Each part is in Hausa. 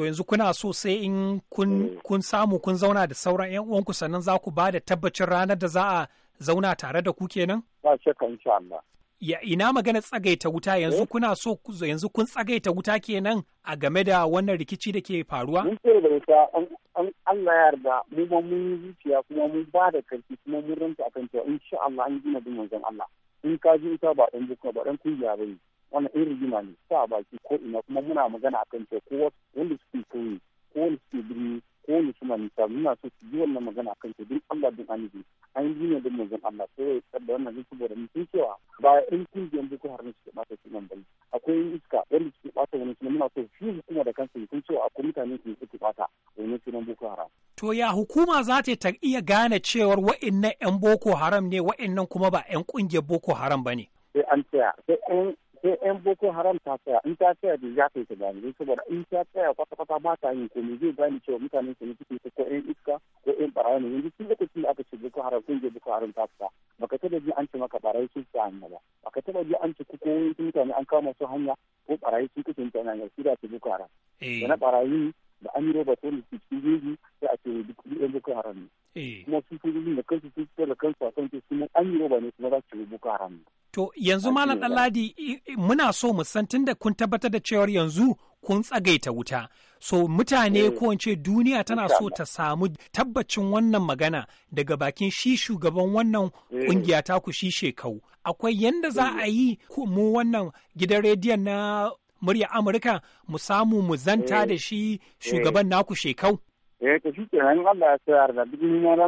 to yanzu kuna so sai in kun eh. samu kun zauna da sauran 'yan uwanku sannan za ku ba da tabbacin ranar da za a zauna tare da ku kenan? Ba kan insha Allah. ya ina magana tsagaita wuta yanzu eh. kuna so yanzu kun tsagaita wuta kenan a game da wannan rikici da ke faruwa? Mun ce da wuta an Allah ya yarda mu ma mun yi zuciya kuma mun ba da karfi kuma mun ranta akan cewa insha Allah an gina bin manzon Allah. In ka ji wuta ba dan buka ba dan kungiya bane. wannan in rigima ne sa baki ko ina kuma muna magana akan cewa ko wanda suke koyi ko wanda suke birni ko wanda suna nisa muna so su yi wannan magana akan cewa duk Allah duk annabi an yi ne duk manzon Allah sai ya tsada wannan ne saboda mun cewa ba in kungiyar boko haram suke bata sunan bane akwai iska wanda suke bata wani suna muna so yi hukuma da kansa sun cewa akwai mutane su suke bata wani sunan boko haram to ya hukuma za ta iya gane cewar wa'annan 'yan boko haram ne wa'annan kuma ba 'yan kungiyar boko haram ba ne. sai an tsaya sai an sai yan boko haram ta tsaya in ta tsaya da za ta yi ta saboda in ta tsaya kwata kwata ba ta yin komai zai bani cewa mutanen su ne suke ko yan iska ko yan barayi ne yanzu tun lokacin da aka ce boko haram kun je boko haram ta tsaya baka taba ji an ce maka barayi sun tsaya hanya ba baka taba ji an ce su mutane an kama su hanya ko barayi sun kusa mutane hanya su da su boko haram. Eh. na barayi da an yi roba ta wani cikin jeji sai a ce duk yan boko haram ne. Eh. kuma sun fi da kansu sun fi da kansu a kan su an yi roba ne kuma za su boko haram ne. To yanzu Malam Ɗanladi muna so mu san tunda kun tabbatar da cewar yanzu kun tsagaita wuta. So mutane eh. ko ce duniya tana so ta samu tabbacin wannan magana daga bakin shi shugaban wannan kungiya eh. ta ku shi shekau. Akwai yanda za eh. a yi mu wannan gidan rediyon na murya Amurka mu samu mu zanta da shi shugaban naku shekau. Eh, ta shi kenan Allah ya sayar da duk nuna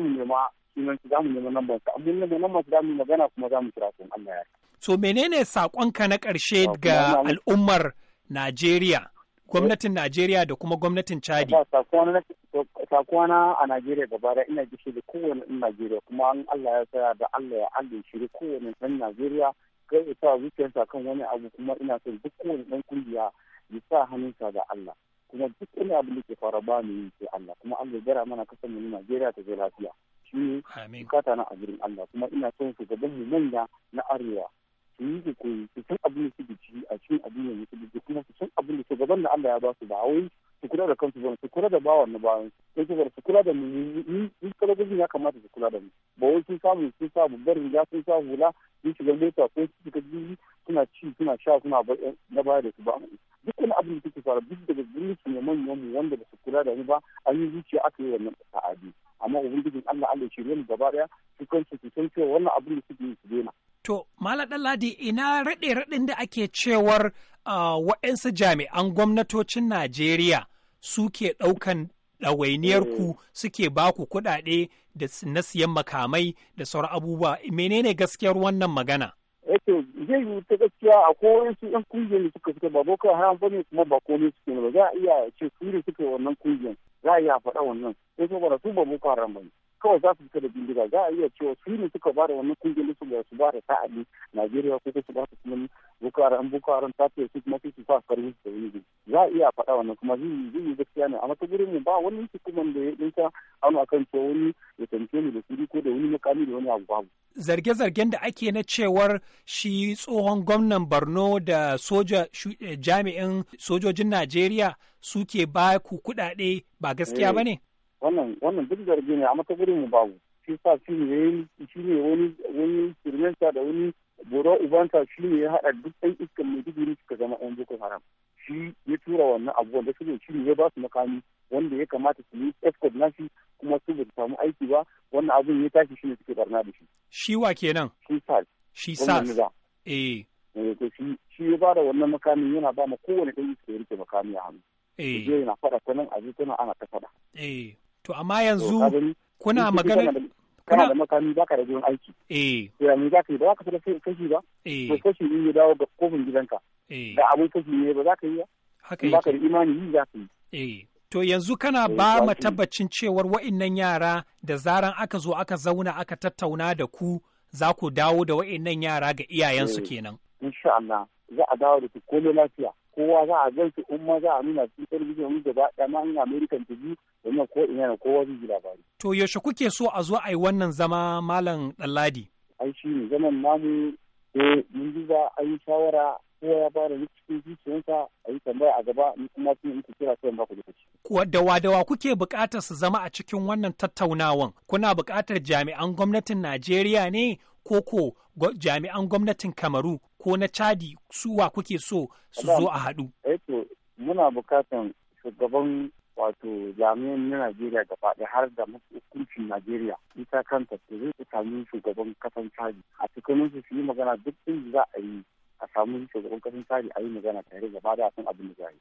sunan shi zamu nemi lambar ka amma nemi lambar za mu magana kuma zamu kira sun Allah ya so menene sakonka na karshe ga al'ummar Najeriya gwamnatin Najeriya da kuma gwamnatin Chadi sakona a Najeriya gaba da ina gishi da kowane ɗan Najeriya kuma an Allah ya tsaya da Allah ya Allah shiri kowane ɗan Najeriya kai ya sa zuciyarsa kan wani abu kuma ina son duk kowane ɗan kungiya ya sa hannunsa ga Allah kuma duk wani abu da ke fara ba mu yi sai Allah kuma Allah ya gara mana kasar mu Najeriya ta je lafiya shi ne bukata na a gurin Allah kuma ina son su gaban mu manya na arewa su yi su koyi su san abin da suke ciki a cikin abin da suke ciki kuma su san abin da shugaban da Allah ya ba su ba wai su kula da kansu ba su kula da bawan na bayan su saboda su kula da mu ni kalabijin ya kamata su kula da mu ba wai sun samu sun samu barin ya sun samu hula sun shiga mota ko su shiga jirgi suna ci suna sha suna na baya da su ba duk wani abin da suke fara duk daga gurin su ne manyan mu wanda ba su kula da mu ba an yi zuciya aka yi wannan ta'adi amma ubangijin Allah Allah shirye mu gaba daya su kan su san cewa wannan abin da suke yi su daina To, Malam ladi ina raɗe-raɗin da ake cewar waɗansu jami'an gwamnatocin Najeriya suke ɗaukan ɗawainiyar ku eh. suke ba ku kuɗaɗe da na siyan makamai da sauran abubuwa. Menene gaskiyar wannan magana? Eke eh zai yi ta gaskiya a kowai su ‘yan kungiyar da suka fita ba boko haram ba ne kuma ba komai suke ba za a iya ce su ne suka yi wannan kungiyar. za a iya faɗa wannan sai saboda su ba mu haram ne kawai za su fita da bindiga za a iya cewa su ne suka ba da wannan kungiyar su ba su ba da sa'adi najeriya ko su ba su suna boko haram boko haram ta ce su kuma su su fa farin su da wuri za a iya faɗa wannan kuma zai zai yi gaskiya ne amma ta gurin mu ba wani su kuma da ya ɗinka an akan cewa wani ya tamke ni da kudi ko da wani tsakani da wani abu babu zarge-zargen da ake na cewar shi tsohon gwamnan borno da soja eh, jami'in sojojin najeriya suke ba ku kuɗaɗe ba gaskiya eh, ba ne wannan duk zarge ne a gudun mu babu shi sa shi ne shi ne wani wani da wani boro ubanta shi ne ya haɗa duk ɗan iskan mai duk wuri suka zama ɗan boko haram shi ya tura wannan abubuwan da suke shi ne ya ba su makami wanda ya kamata su yi escort nashi kuma su basu samu aiki ba wannan abin ya tashi shi ne suke barna da shi shi wa kenan shi sas shi sas eh. eh to shi shi ya bada wannan makamin yana ba ma kowane ɗan iska ya rike makami a hannu eh je yana fada ta nan aji tana ana ta fada eh to amma yanzu kuna magana kana da makami baka da gurin aiki eh to yanzu ka yi ba zaka fada kashi ba eh. to kashi in ya dawo ga kofin gidanka eh. da abin kashi ne ba za ka yi ba haka yake ka da imani yi za ka yi eh To yanzu kana eh, ba mu tabbacin cewar wa'innan yara da zaran aka zo aka zauna aka tattauna da ku za ku dawo da wa'innan yara ga iyayensu eh, kenan. Insha Allah za a dawo da su kome lafiya. Kowa za a su umma za a nuna su talabijin gaba ɗaya ma in ta ji wannan ko ina na kowa zai ji labari. To yaushe kuke so a zo a yi wannan zama malam Ɗanladi? Ai shi ne zaman namu ko eh, mun za an yi shawara kowa ya fara cikin zuciyarsa a yi tambaya a gaba ni kuma sun yi kira sai in ba ku lokaci. da wadawa kuke bukatar su zama a cikin wannan tattaunawan? Kuna bukatar jami'an gwamnatin Najeriya ne ko ko jami'an gwamnatin Kamaru ko na Chadi suwa kuke so su zo a haɗu? Eto, eh muna buƙatar shugaban wato jami'an na Najeriya gaba ɗaya har da hukuncin Najeriya ita kanta ta zai su sami shugaban kasan Chadi a cikin su yi magana duk inda za a yi a samu shugaban kasan Chadi a yi magana tare gaba da kan abin da za a yi.